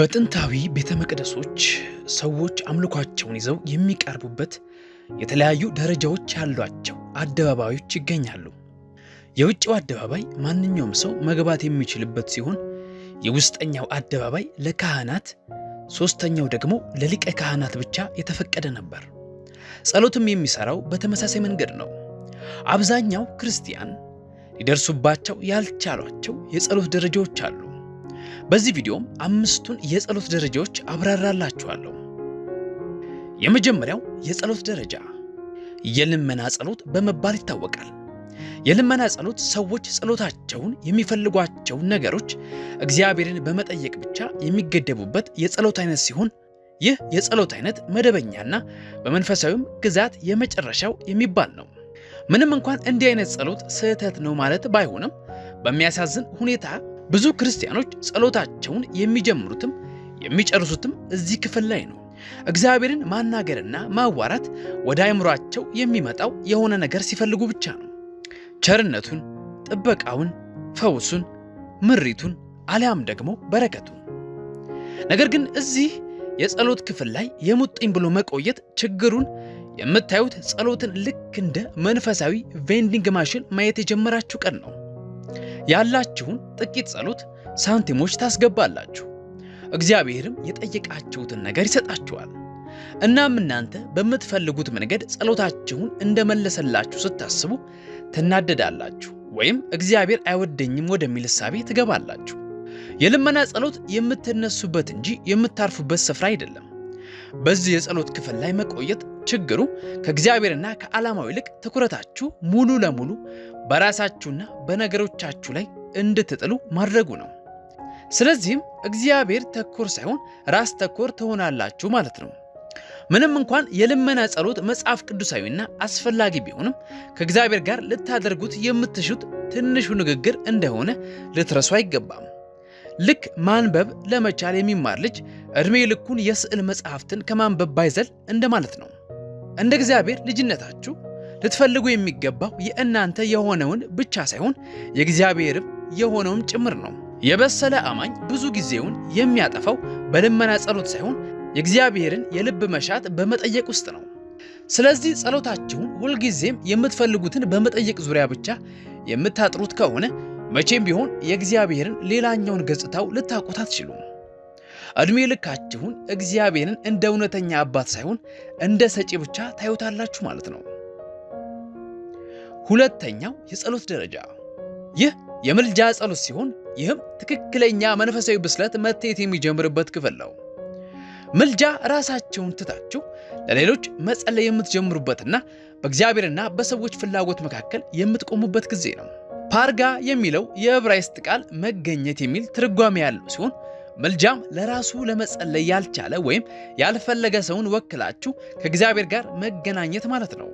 በጥንታዊ ቤተ መቅደሶች ሰዎች አምልኳቸውን ይዘው የሚቀርቡበት የተለያዩ ደረጃዎች ያሏቸው አደባባዮች ይገኛሉ። የውጭው አደባባይ ማንኛውም ሰው መግባት የሚችልበት ሲሆን የውስጠኛው አደባባይ ለካህናት፣ ሶስተኛው ደግሞ ለሊቀ ካህናት ብቻ የተፈቀደ ነበር። ጸሎትም የሚሰራው በተመሳሳይ መንገድ ነው። አብዛኛው ክርስቲያን ሊደርሱባቸው ያልቻሏቸው የጸሎት ደረጃዎች አሉ። በዚህ ቪዲዮም አምስቱን የጸሎት ደረጃዎች አብራራላችኋለሁ። የመጀመሪያው የጸሎት ደረጃ የልመና ጸሎት በመባል ይታወቃል። የልመና ጸሎት ሰዎች ጸሎታቸውን የሚፈልጓቸውን ነገሮች እግዚአብሔርን በመጠየቅ ብቻ የሚገደቡበት የጸሎት አይነት ሲሆን ይህ የጸሎት አይነት መደበኛና በመንፈሳዊም ግዛት የመጨረሻው የሚባል ነው። ምንም እንኳን እንዲህ አይነት ጸሎት ስህተት ነው ማለት ባይሆንም በሚያሳዝን ሁኔታ ብዙ ክርስቲያኖች ጸሎታቸውን የሚጀምሩትም የሚጨርሱትም እዚህ ክፍል ላይ ነው። እግዚአብሔርን ማናገርና ማዋራት ወደ አይምሯቸው የሚመጣው የሆነ ነገር ሲፈልጉ ብቻ ነው። ቸርነቱን፣ ጥበቃውን፣ ፈውሱን፣ ምሪቱን አሊያም ደግሞ በረከቱን። ነገር ግን እዚህ የጸሎት ክፍል ላይ የሙጥኝ ብሎ መቆየት ችግሩን የምታዩት ጸሎትን ልክ እንደ መንፈሳዊ ቬንዲንግ ማሽን ማየት የጀመራችሁ ቀን ነው። ያላችሁን ጥቂት ጸሎት ሳንቲሞች ታስገባላችሁ፣ እግዚአብሔርም የጠየቃችሁትን ነገር ይሰጣችኋል። እናም እናንተ በምትፈልጉት መንገድ ጸሎታችሁን እንደመለሰላችሁ ስታስቡ ትናደዳላችሁ፣ ወይም እግዚአብሔር አይወደኝም ወደሚል እሳቤ ትገባላችሁ። የልመና ጸሎት የምትነሱበት እንጂ የምታርፉበት ስፍራ አይደለም። በዚህ የጸሎት ክፍል ላይ መቆየት ችግሩ ከእግዚአብሔርና ከዓላማው ይልቅ ትኩረታችሁ ሙሉ ለሙሉ በራሳችሁና በነገሮቻችሁ ላይ እንድትጥሉ ማድረጉ ነው። ስለዚህም እግዚአብሔር ተኮር ሳይሆን ራስ ተኮር ትሆናላችሁ ማለት ነው። ምንም እንኳን የልመና ጸሎት መጽሐፍ ቅዱሳዊና አስፈላጊ ቢሆንም ከእግዚአብሔር ጋር ልታደርጉት የምትሹት ትንሹ ንግግር እንደሆነ ልትረሱ አይገባም። ልክ ማንበብ ለመቻል የሚማር ልጅ ዕድሜ ልኩን የስዕል መጽሐፍትን ከማንበብ ባይዘል እንደማለት ነው። እንደ እግዚአብሔር ልጅነታችሁ ልትፈልጉ የሚገባው የእናንተ የሆነውን ብቻ ሳይሆን የእግዚአብሔርም የሆነውም ጭምር ነው። የበሰለ አማኝ ብዙ ጊዜውን የሚያጠፋው በልመና ጸሎት ሳይሆን የእግዚአብሔርን የልብ መሻት በመጠየቅ ውስጥ ነው። ስለዚህ ጸሎታችሁን ሁልጊዜም የምትፈልጉትን በመጠየቅ ዙሪያ ብቻ የምታጥሩት ከሆነ መቼም ቢሆን የእግዚአብሔርን ሌላኛውን ገጽታው ልታውቁት አትችሉም። ዕድሜ ልካችሁን እግዚአብሔርን እንደ እውነተኛ አባት ሳይሆን እንደ ሰጪ ብቻ ታዩታላችሁ ማለት ነው። ሁለተኛው የጸሎት ደረጃ ይህ የምልጃ ጸሎት ሲሆን ይህም ትክክለኛ መንፈሳዊ ብስለት መታየት የሚጀምርበት ክፍል ነው። ምልጃ ራሳቸውን ትታችሁ ለሌሎች መጸለይ የምትጀምሩበትና በእግዚአብሔርና በሰዎች ፍላጎት መካከል የምትቆሙበት ጊዜ ነው። ፓርጋ የሚለው የዕብራይስጥ ቃል መገኘት የሚል ትርጓሜ ያለው ሲሆን መልጃም ለራሱ ለመጸለይ ያልቻለ ወይም ያልፈለገ ሰውን ወክላችሁ ከእግዚአብሔር ጋር መገናኘት ማለት ነው።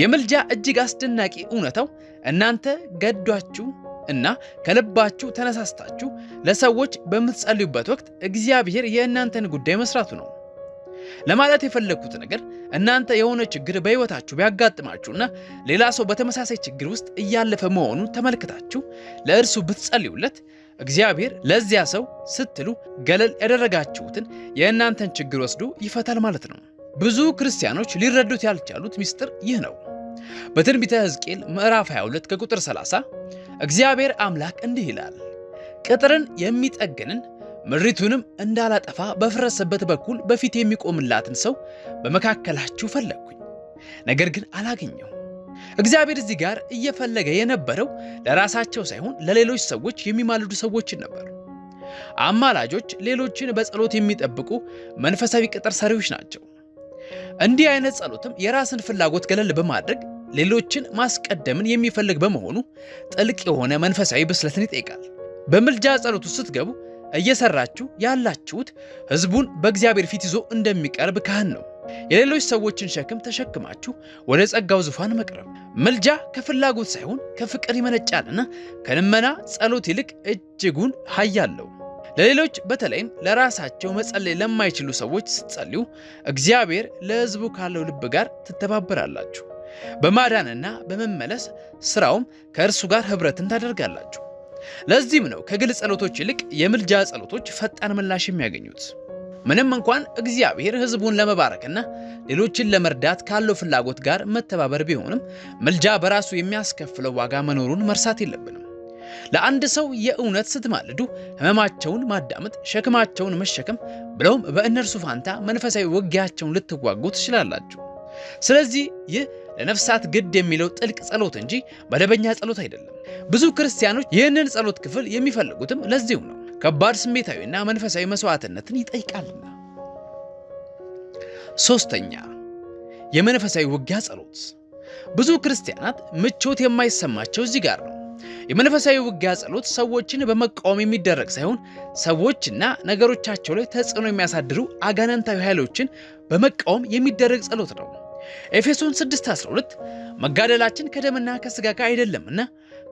የምልጃ እጅግ አስደናቂ እውነታው እናንተ ገዷችሁ እና ከልባችሁ ተነሳስታችሁ ለሰዎች በምትጸልዩበት ወቅት እግዚአብሔር የእናንተን ጉዳይ መስራቱ ነው። ለማለት የፈለግኩት ነገር እናንተ የሆነ ችግር በሕይወታችሁ ቢያጋጥማችሁና ሌላ ሰው በተመሳሳይ ችግር ውስጥ እያለፈ መሆኑን ተመልክታችሁ ለእርሱ ብትጸልዩለት እግዚአብሔር ለዚያ ሰው ስትሉ ገለል ያደረጋችሁትን የእናንተን ችግር ወስዶ ይፈታል ማለት ነው። ብዙ ክርስቲያኖች ሊረዱት ያልቻሉት ምስጢር ይህ ነው። በትንቢተ ሕዝቅኤል ምዕራፍ 22 ከቁጥር 30 እግዚአብሔር አምላክ እንዲህ ይላል፣ ቅጥርን የሚጠግንን ምሪቱንም እንዳላጠፋ በፈረሰበት በኩል በፊት የሚቆምላትን ሰው በመካከላችሁ ፈለግኩኝ፣ ነገር ግን አላገኘው። እግዚአብሔር እዚህ ጋር እየፈለገ የነበረው ለራሳቸው ሳይሆን ለሌሎች ሰዎች የሚማልዱ ሰዎችን ነበር። አማላጆች ሌሎችን በጸሎት የሚጠብቁ መንፈሳዊ ቅጥር ሰሪዎች ናቸው። እንዲህ አይነት ጸሎትም የራስን ፍላጎት ገለል በማድረግ ሌሎችን ማስቀደምን የሚፈልግ በመሆኑ ጥልቅ የሆነ መንፈሳዊ ብስለትን ይጠይቃል። በምልጃ ጸሎት ውስጥ ስትገቡ እየሰራችሁ ያላችሁት ህዝቡን በእግዚአብሔር ፊት ይዞ እንደሚቀርብ ካህን ነው። የሌሎች ሰዎችን ሸክም ተሸክማችሁ ወደ ጸጋው ዙፋን መቅረብ። ምልጃ ከፍላጎት ሳይሆን ከፍቅር ይመነጫልና ከልመና ጸሎት ይልቅ እጅጉን ኃያለው። ለሌሎች በተለይም ለራሳቸው መጸለይ ለማይችሉ ሰዎች ስትጸልዩ እግዚአብሔር ለህዝቡ ካለው ልብ ጋር ትተባበራላችሁ። በማዳንና በመመለስ ስራውም ከእርሱ ጋር ህብረትን ታደርጋላችሁ። ለዚህም ነው ከግል ጸሎቶች ይልቅ የምልጃ ጸሎቶች ፈጣን ምላሽ የሚያገኙት። ምንም እንኳን እግዚአብሔር ሕዝቡን ለመባረክና ሌሎችን ለመርዳት ካለው ፍላጎት ጋር መተባበር ቢሆንም ምልጃ በራሱ የሚያስከፍለው ዋጋ መኖሩን መርሳት የለብንም። ለአንድ ሰው የእውነት ስትማልዱ ሕመማቸውን ማዳመጥ፣ ሸክማቸውን መሸከም ብለውም በእነርሱ ፋንታ መንፈሳዊ ውጊያቸውን ልትዋጉ ትችላላችሁ። ስለዚህ ይህ ለነፍሳት ግድ የሚለው ጥልቅ ጸሎት እንጂ መደበኛ ጸሎት አይደለም። ብዙ ክርስቲያኖች ይህንን ጸሎት ክፍል የሚፈልጉትም ለዚሁ ነው። ከባድ ስሜታዊና መንፈሳዊ መስዋዕትነትን ይጠይቃልና። ሶስተኛ የመንፈሳዊ ውጊያ ጸሎት። ብዙ ክርስቲያናት ምቾት የማይሰማቸው እዚህ ጋር ነው። የመንፈሳዊ ውጊያ ጸሎት ሰዎችን በመቃወም የሚደረግ ሳይሆን ሰዎችና ነገሮቻቸው ላይ ተጽዕኖ የሚያሳድሩ አጋነንታዊ ኃይሎችን በመቃወም የሚደረግ ጸሎት ነው። ኤፌሶን 6:12 መጋደላችን ከደምና ከሥጋ ጋር አይደለምና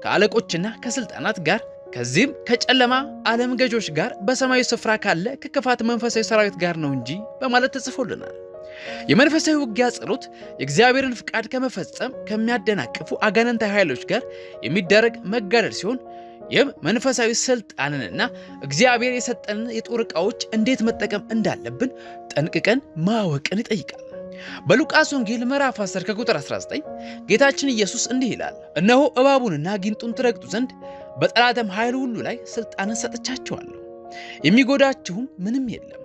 ከአለቆችና ከሥልጣናት ጋር ከዚህም ከጨለማ ዓለም ገዦች ጋር በሰማያዊ ስፍራ ካለ ከክፋት መንፈሳዊ ሰራዊት ጋር ነው እንጂ በማለት ተጽፎልናል። የመንፈሳዊ ውጊያ ጸሎት የእግዚአብሔርን ፍቃድ ከመፈጸም ከሚያደናቅፉ አጋንንታዊ ኃይሎች ጋር የሚደረግ መጋደል ሲሆን ይህም መንፈሳዊ ስልጣንንና እግዚአብሔር የሰጠንን የጦር ዕቃዎች እንዴት መጠቀም እንዳለብን ጠንቅቀን ማወቅን ይጠይቃል። በሉቃስ ወንጌል ምዕራፍ 10 ከቁጥር 19 ጌታችን ኢየሱስ እንዲህ ይላል፣ እነሆ እባቡንና ጊንጡን ትረግጡ ዘንድ በጠላተም ኃይል ሁሉ ላይ ሥልጣንን ሰጥቻችኋለሁ፣ የሚጎዳችሁም ምንም የለም።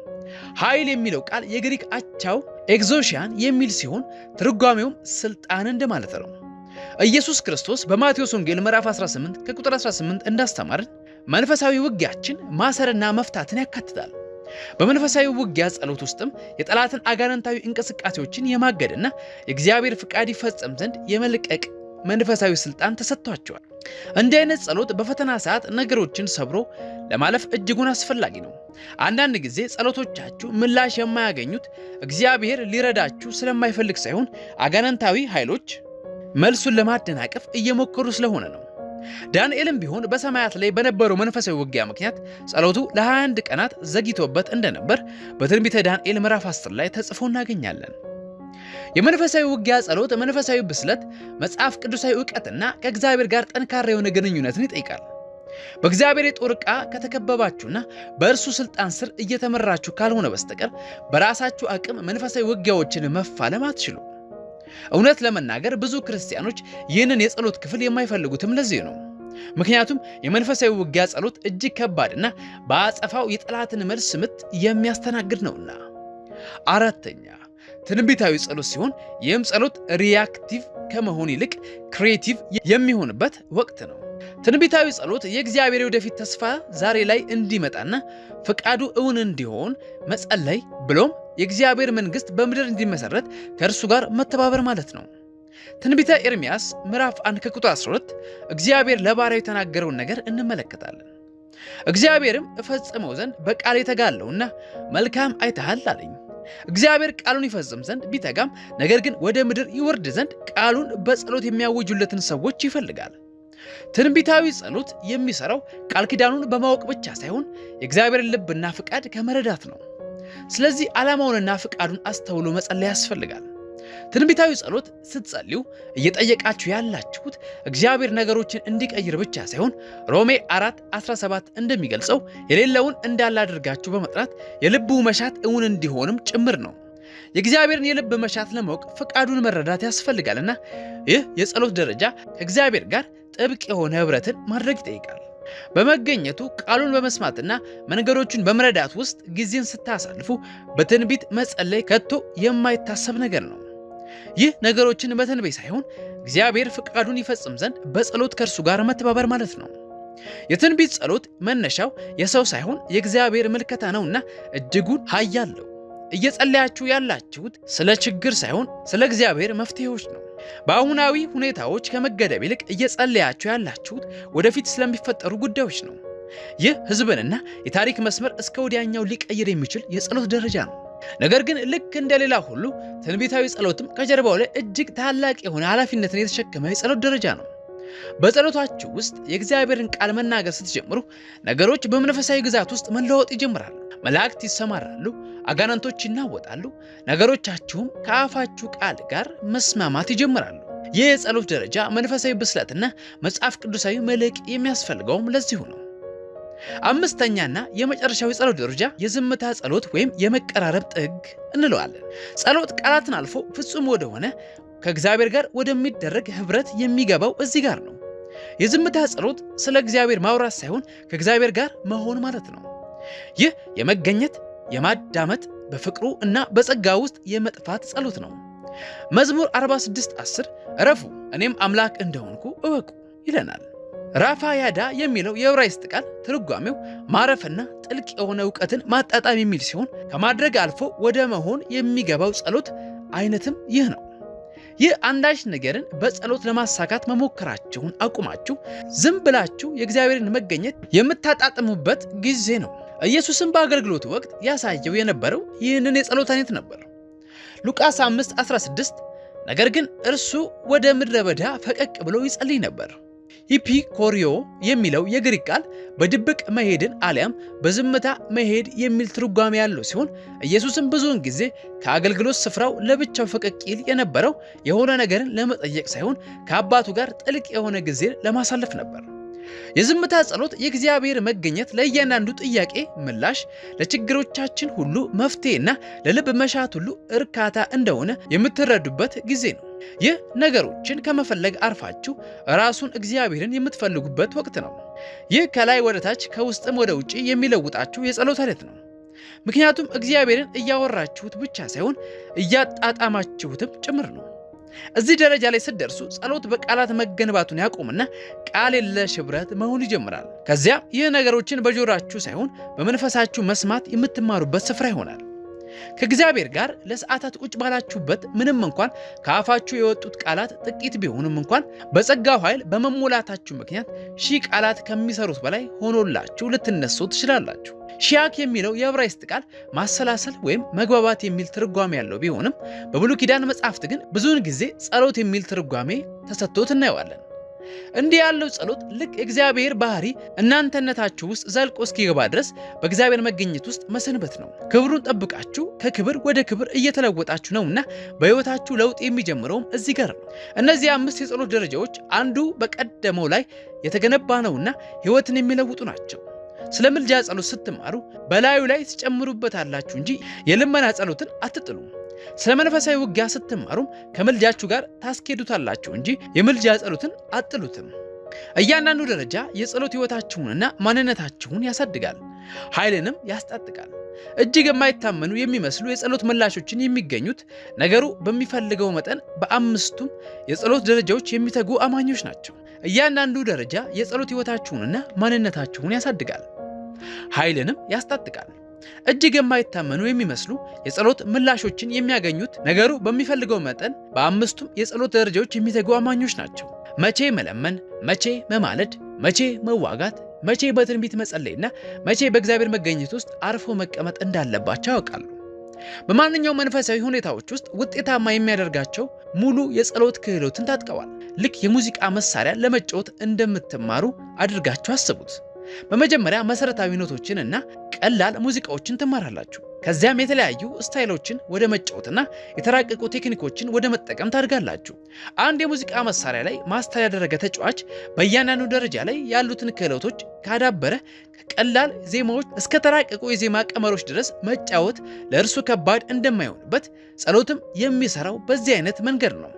ኃይል የሚለው ቃል የግሪክ አቻው ኤግዞሽያን የሚል ሲሆን ትርጓሜውም ሥልጣን እንደማለት ነው። ኢየሱስ ክርስቶስ በማቴዎስ ወንጌል ምዕራፍ 18 ከቁጥር 18 እንዳስተማርን መንፈሳዊ ውጊያችን ማሰርና መፍታትን ያካትታል። በመንፈሳዊ ውጊያ ጸሎት ውስጥም የጠላትን አጋንንታዊ እንቅስቃሴዎችን የማገድና የእግዚአብሔር ፍቃድ ይፈጸም ዘንድ የመልቀቅ መንፈሳዊ ስልጣን ተሰጥቷቸዋል። እንዲህ አይነት ጸሎት በፈተና ሰዓት ነገሮችን ሰብሮ ለማለፍ እጅጉን አስፈላጊ ነው። አንዳንድ ጊዜ ጸሎቶቻችሁ ምላሽ የማያገኙት እግዚአብሔር ሊረዳችሁ ስለማይፈልግ ሳይሆን አጋንንታዊ ኃይሎች መልሱን ለማደናቀፍ እየሞከሩ ስለሆነ ነው። ዳንኤልም ቢሆን በሰማያት ላይ በነበረው መንፈሳዊ ውጊያ ምክንያት ጸሎቱ ለ21 ቀናት ዘግይቶበት እንደነበር በትንቢተ ዳንኤል ምዕራፍ 10 ላይ ተጽፎ እናገኛለን። የመንፈሳዊ ውጊያ ጸሎት መንፈሳዊ ብስለት፣ መጽሐፍ ቅዱሳዊ እውቀትና ከእግዚአብሔር ጋር ጠንካራ የሆነ ግንኙነትን ይጠይቃል። በእግዚአብሔር የጦር ዕቃ ከተከበባችሁና በእርሱ ሥልጣን ስር እየተመራችሁ ካልሆነ በስተቀር በራሳችሁ አቅም መንፈሳዊ ውጊያዎችን መፋለም አትችሉ። እውነት ለመናገር ብዙ ክርስቲያኖች ይህንን የጸሎት ክፍል የማይፈልጉትም ለዚህ ነው። ምክንያቱም የመንፈሳዊ ውጊያ ጸሎት እጅግ ከባድና በአጸፋው የጠላትን መልስ ምት የሚያስተናግድ ነውና። አራተኛ ትንቢታዊ ጸሎት ሲሆን ይህም ጸሎት ሪያክቲቭ ከመሆን ይልቅ ክሬቲቭ የሚሆንበት ወቅት ነው። ትንቢታዊ ጸሎት የእግዚአብሔር ወደፊት ተስፋ ዛሬ ላይ እንዲመጣና ፈቃዱ እውን እንዲሆን መጸለይ ብሎም የእግዚአብሔር መንግሥት በምድር እንዲመሠረት ከእርሱ ጋር መተባበር ማለት ነው። ትንቢተ ኤርምያስ ምዕራፍ 1 ከቁጥር 12 እግዚአብሔር ለባሪያው የተናገረውን ነገር እንመለከታለን። እግዚአብሔርም እፈጽመው ዘንድ በቃል የተጋለውና መልካም አይተሃል አለኝ። እግዚአብሔር ቃሉን ይፈጽም ዘንድ ቢተጋም ነገር ግን ወደ ምድር ይወርድ ዘንድ ቃሉን በጸሎት የሚያውጁለትን ሰዎች ይፈልጋል። ትንቢታዊ ጸሎት የሚሠራው ቃል ኪዳኑን በማወቅ ብቻ ሳይሆን የእግዚአብሔርን ልብና ፍቃድ ከመረዳት ነው። ስለዚህ ዓላማውንና ፍቃዱን አስተውሎ መጸለይ ያስፈልጋል። ትንቢታዊ ጸሎት ስትጸልዩ እየጠየቃችሁ ያላችሁት እግዚአብሔር ነገሮችን እንዲቀይር ብቻ ሳይሆን ሮሜ 4 17 እንደሚገልጸው የሌለውን እንዳላደርጋችሁ በመጥራት የልቡ መሻት እውን እንዲሆንም ጭምር ነው። የእግዚአብሔርን የልብ መሻት ለማወቅ ፍቃዱን መረዳት ያስፈልጋልና ይህ የጸሎት ደረጃ ከእግዚአብሔር ጋር ጥብቅ የሆነ ኅብረትን ማድረግ ይጠይቃል። በመገኘቱ ቃሉን በመስማትና መንገዶቹን በመረዳት ውስጥ ጊዜን ስታሳልፉ በትንቢት መጸለይ ከቶ የማይታሰብ ነገር ነው። ይህ ነገሮችን በትንቢት ሳይሆን እግዚአብሔር ፍቃዱን ይፈጽም ዘንድ በጸሎት ከእርሱ ጋር መተባበር ማለት ነው። የትንቢት ጸሎት መነሻው የሰው ሳይሆን የእግዚአብሔር ምልከታ ነውና እጅጉን ኃያል ነው። እየጸለያችሁ ያላችሁት ስለ ችግር ሳይሆን ስለ እግዚአብሔር መፍትሄዎች ነው። በአሁናዊ ሁኔታዎች ከመገደብ ይልቅ እየጸለያችሁ ያላችሁት ወደፊት ስለሚፈጠሩ ጉዳዮች ነው። ይህ ሕዝብንና የታሪክ መስመር እስከ ወዲያኛው ሊቀይር የሚችል የጸሎት ደረጃ ነው። ነገር ግን ልክ እንደ ሌላ ሁሉ ትንቢታዊ ጸሎትም ከጀርባው ላይ እጅግ ታላቅ የሆነ ኃላፊነትን የተሸከመ የጸሎት ደረጃ ነው። በጸሎታችሁ ውስጥ የእግዚአብሔርን ቃል መናገር ስትጀምሩ ነገሮች በመንፈሳዊ ግዛት ውስጥ መለወጥ ይጀምራሉ። መላእክት ይሰማራሉ፣ አጋናንቶች ይናወጣሉ፣ ነገሮቻችሁም ከአፋችሁ ቃል ጋር መስማማት ይጀምራሉ። ይህ የጸሎት ደረጃ መንፈሳዊ ብስለትና መጽሐፍ ቅዱሳዊ መልሕቅ የሚያስፈልገውም ለዚሁ ነው። አምስተኛና የመጨረሻው የጸሎት ደረጃ የዝምታ ጸሎት ወይም የመቀራረብ ጥግ እንለዋለን። ጸሎት ቃላትን አልፎ ፍጹም ወደሆነ ከእግዚአብሔር ጋር ወደሚደረግ ህብረት የሚገባው እዚህ ጋር ነው። የዝምታ ጸሎት ስለ እግዚአብሔር ማውራት ሳይሆን ከእግዚአብሔር ጋር መሆን ማለት ነው። ይህ የመገኘት የማዳመጥ በፍቅሩ እና በጸጋ ውስጥ የመጥፋት ጸሎት ነው። መዝሙር 46 10 እረፉ እኔም አምላክ እንደሆንኩ እወቁ ይለናል። ራፋ ያዳ የሚለው የዕብራይስጥ ቃል ትርጓሜው ማረፍና ጥልቅ የሆነ እውቀትን ማጣጣም የሚል ሲሆን ከማድረግ አልፎ ወደ መሆን የሚገባው ጸሎት አይነትም ይህ ነው። ይህ አንዳች ነገርን በጸሎት ለማሳካት መሞከራችሁን አቁማችሁ ዝም ብላችሁ የእግዚአብሔርን መገኘት የምታጣጥሙበት ጊዜ ነው። ኢየሱስም በአገልግሎቱ ወቅት ያሳየው የነበረው ይህንን የጸሎት አይነት ነበር። ሉቃስ 5:16 ነገር ግን እርሱ ወደ ምድረ በዳ ፈቀቅ ብሎ ይጸልይ ነበር ሂፒኮሪዮ የሚለው የግሪክ ቃል በድብቅ መሄድን አሊያም በዝምታ መሄድ የሚል ትርጓሜ ያለው ሲሆን ኢየሱስም ብዙውን ጊዜ ከአገልግሎት ስፍራው ለብቻው ፈቀቅ ይል የነበረው የሆነ ነገርን ለመጠየቅ ሳይሆን ከአባቱ ጋር ጥልቅ የሆነ ጊዜ ለማሳለፍ ነበር። የዝምታ ጸሎት የእግዚአብሔር መገኘት ለእያንዳንዱ ጥያቄ ምላሽ፣ ለችግሮቻችን ሁሉ መፍትሄና ለልብ መሻት ሁሉ እርካታ እንደሆነ የምትረዱበት ጊዜ ነው። ይህ ነገሮችን ከመፈለግ አርፋችሁ ራሱን እግዚአብሔርን የምትፈልጉበት ወቅት ነው። ይህ ከላይ ወደ ታች ከውስጥም ወደ ውጭ የሚለውጣችሁ የጸሎት አይነት ነው። ምክንያቱም እግዚአብሔርን እያወራችሁት ብቻ ሳይሆን እያጣጣማችሁትም ጭምር ነው። እዚህ ደረጃ ላይ ስትደርሱ ጸሎት በቃላት መገንባቱን ያቆምና ቃል የለሽ ህብረት መሆን ይጀምራል። ከዚያም ይህ ነገሮችን በጆሮአችሁ ሳይሆን በመንፈሳችሁ መስማት የምትማሩበት ስፍራ ይሆናል። ከእግዚአብሔር ጋር ለሰዓታት ቁጭ ባላችሁበት ምንም እንኳን ከአፋችሁ የወጡት ቃላት ጥቂት ቢሆኑም እንኳን በጸጋው ኃይል በመሞላታችሁ ምክንያት ሺህ ቃላት ከሚሰሩት በላይ ሆኖላችሁ ልትነሱ ትችላላችሁ። ሺያክ የሚለው የዕብራይስጥ ቃል ማሰላሰል ወይም መግባባት የሚል ትርጓሜ ያለው ቢሆንም በብሉይ ኪዳን መጻሕፍት ግን ብዙውን ጊዜ ጸሎት የሚል ትርጓሜ ተሰጥቶት እናየዋለን። እንዲህ ያለው ጸሎት ልክ እግዚአብሔር ባህሪ እናንተነታችሁ ውስጥ ዘልቆ እስኪገባ ድረስ በእግዚአብሔር መገኘት ውስጥ መሰንበት ነው። ክብሩን ጠብቃችሁ ከክብር ወደ ክብር እየተለወጣችሁ ነውና በሕይወታችሁ ለውጥ የሚጀምረውም እዚህ ጋር ነው። እነዚህ አምስት የጸሎት ደረጃዎች አንዱ በቀደመው ላይ የተገነባ ነውና ሕይወትን የሚለውጡ ናቸው። ስለ ምልጃ ጸሎት ስትማሩ በላዩ ላይ ትጨምሩበት አላችሁ እንጂ የልመና ጸሎትን አትጥሉ። ስለ መንፈሳዊ ውጊያ ስትማሩም ከምልጃችሁ ጋር ታስኬዱታላችሁ እንጂ የምልጃ ጸሎትን አጥሉትም። እያንዳንዱ ደረጃ የጸሎት ሕይወታችሁንና ማንነታችሁን ያሳድጋል፣ ኃይልንም ያስጣጥቃል። እጅግ የማይታመኑ የሚመስሉ የጸሎት ምላሾችን የሚገኙት ነገሩ በሚፈልገው መጠን በአምስቱም የጸሎት ደረጃዎች የሚተጉ አማኞች ናቸው። እያንዳንዱ ደረጃ የጸሎት ሕይወታችሁንና ማንነታችሁን ያሳድጋል። ኃይልንም ያስታጥቃል። እጅግ የማይታመኑ የሚመስሉ የጸሎት ምላሾችን የሚያገኙት ነገሩ በሚፈልገው መጠን በአምስቱም የጸሎት ደረጃዎች የሚተጉ አማኞች ናቸው። መቼ መለመን፣ መቼ መማለድ፣ መቼ መዋጋት፣ መቼ በትንቢት መጸለይና መቼ በእግዚአብሔር መገኘት ውስጥ አርፎ መቀመጥ እንዳለባቸው ያውቃሉ። በማንኛውም መንፈሳዊ ሁኔታዎች ውስጥ ውጤታማ የሚያደርጋቸው ሙሉ የጸሎት ክህሎትን ታጥቀዋል። ልክ የሙዚቃ መሳሪያ ለመጫወት እንደምትማሩ አድርጋችሁ አስቡት። በመጀመሪያ መሰረታዊ ኖቶችን እና ቀላል ሙዚቃዎችን ትማራላችሁ። ከዚያም የተለያዩ ስታይሎችን ወደ መጫወትና የተራቀቁ ቴክኒኮችን ወደ መጠቀም ታድጋላችሁ። አንድ የሙዚቃ መሳሪያ ላይ ማስተር ያደረገ ተጫዋች በእያንዳንዱ ደረጃ ላይ ያሉትን ክህሎቶች ካዳበረ ከቀላል ዜማዎች እስከ ተራቀቁ የዜማ ቀመሮች ድረስ መጫወት ለእርሱ ከባድ እንደማይሆንበት ጸሎትም የሚሰራው በዚህ አይነት መንገድ ነው።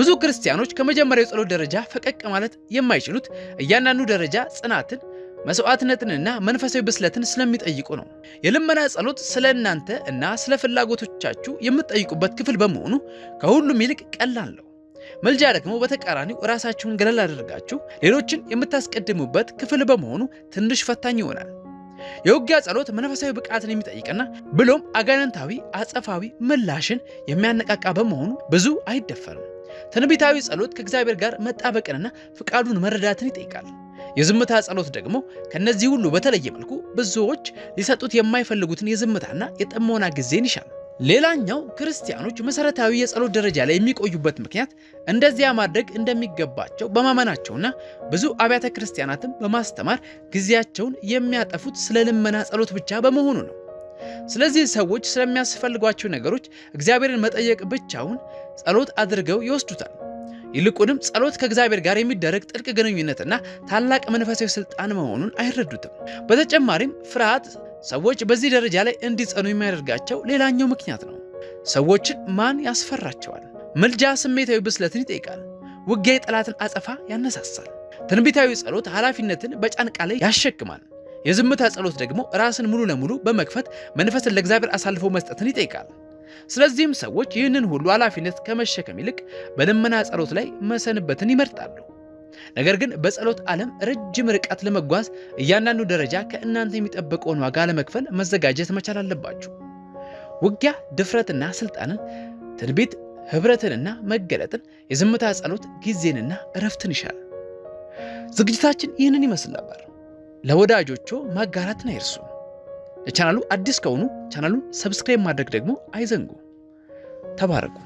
ብዙ ክርስቲያኖች ከመጀመሪያው የጸሎት ደረጃ ፈቀቅ ማለት የማይችሉት እያንዳንዱ ደረጃ ጽናትን መስዋዕትነትንና መንፈሳዊ ብስለትን ስለሚጠይቁ ነው። የልመና ጸሎት ስለ እናንተ እና ስለ ፍላጎቶቻችሁ የምትጠይቁበት ክፍል በመሆኑ ከሁሉም ይልቅ ቀላል ነው። መልጃ ደግሞ በተቃራኒው ራሳችሁን ገለል አድርጋችሁ ሌሎችን የምታስቀድሙበት ክፍል በመሆኑ ትንሽ ፈታኝ ይሆናል። የውጊያ ጸሎት መንፈሳዊ ብቃትን የሚጠይቅና ብሎም አጋንንታዊ አጸፋዊ ምላሽን የሚያነቃቃ በመሆኑ ብዙ አይደፈርም። ትንቢታዊ ጸሎት ከእግዚአብሔር ጋር መጣበቅንና ፍቃዱን መረዳትን ይጠይቃል። የዝምታ ጸሎት ደግሞ ከእነዚህ ሁሉ በተለየ መልኩ ብዙዎች ሊሰጡት የማይፈልጉትን የዝምታና የጥሞና ጊዜን ይሻል። ሌላኛው ክርስቲያኖች መሰረታዊ የጸሎት ደረጃ ላይ የሚቆዩበት ምክንያት እንደዚያ ማድረግ እንደሚገባቸው በማመናቸውና ብዙ አብያተ ክርስቲያናትም በማስተማር ጊዜያቸውን የሚያጠፉት ስለ ልመና ጸሎት ብቻ በመሆኑ ነው። ስለዚህ ሰዎች ስለሚያስፈልጓቸው ነገሮች እግዚአብሔርን መጠየቅ ብቻውን ጸሎት አድርገው ይወስዱታል። ይልቁንም ጸሎት ከእግዚአብሔር ጋር የሚደረግ ጥልቅ ግንኙነትና ታላቅ መንፈሳዊ ስልጣን መሆኑን አይረዱትም። በተጨማሪም ፍርሃት ሰዎች በዚህ ደረጃ ላይ እንዲጸኑ የሚያደርጋቸው ሌላኛው ምክንያት ነው። ሰዎችን ማን ያስፈራቸዋል? ምልጃ ስሜታዊ ብስለትን ይጠይቃል። ውጊያ የጠላትን አጸፋ ያነሳሳል። ትንቢታዊ ጸሎት ኃላፊነትን በጫንቃ ላይ ያሸክማል። የዝምታ ጸሎት ደግሞ ራስን ሙሉ ለሙሉ በመክፈት መንፈስን ለእግዚአብሔር አሳልፎ መስጠትን ይጠይቃል። ስለዚህም ሰዎች ይህንን ሁሉ ኃላፊነት ከመሸከም ይልቅ በልመና ጸሎት ላይ መሰንበትን ይመርጣሉ። ነገር ግን በጸሎት ዓለም ረጅም ርቀት ለመጓዝ እያንዳንዱ ደረጃ ከእናንተ የሚጠበቀውን ዋጋ ለመክፈል መዘጋጀት መቻል አለባችሁ። ውጊያ ድፍረትና ስልጣንን፣ ትንቢት ህብረትንና መገለጥን፣ የዝምታ ጸሎት ጊዜንና እረፍትን ይሻል። ዝግጅታችን ይህንን ይመስል ነበር። ለወዳጆቹ ማጋራትን አይርሱ። ለቻናሉ አዲስ ከሆኑ ቻናሉን ሰብስክራይብ ማድረግ ደግሞ አይዘንጉ። ተባረኩ።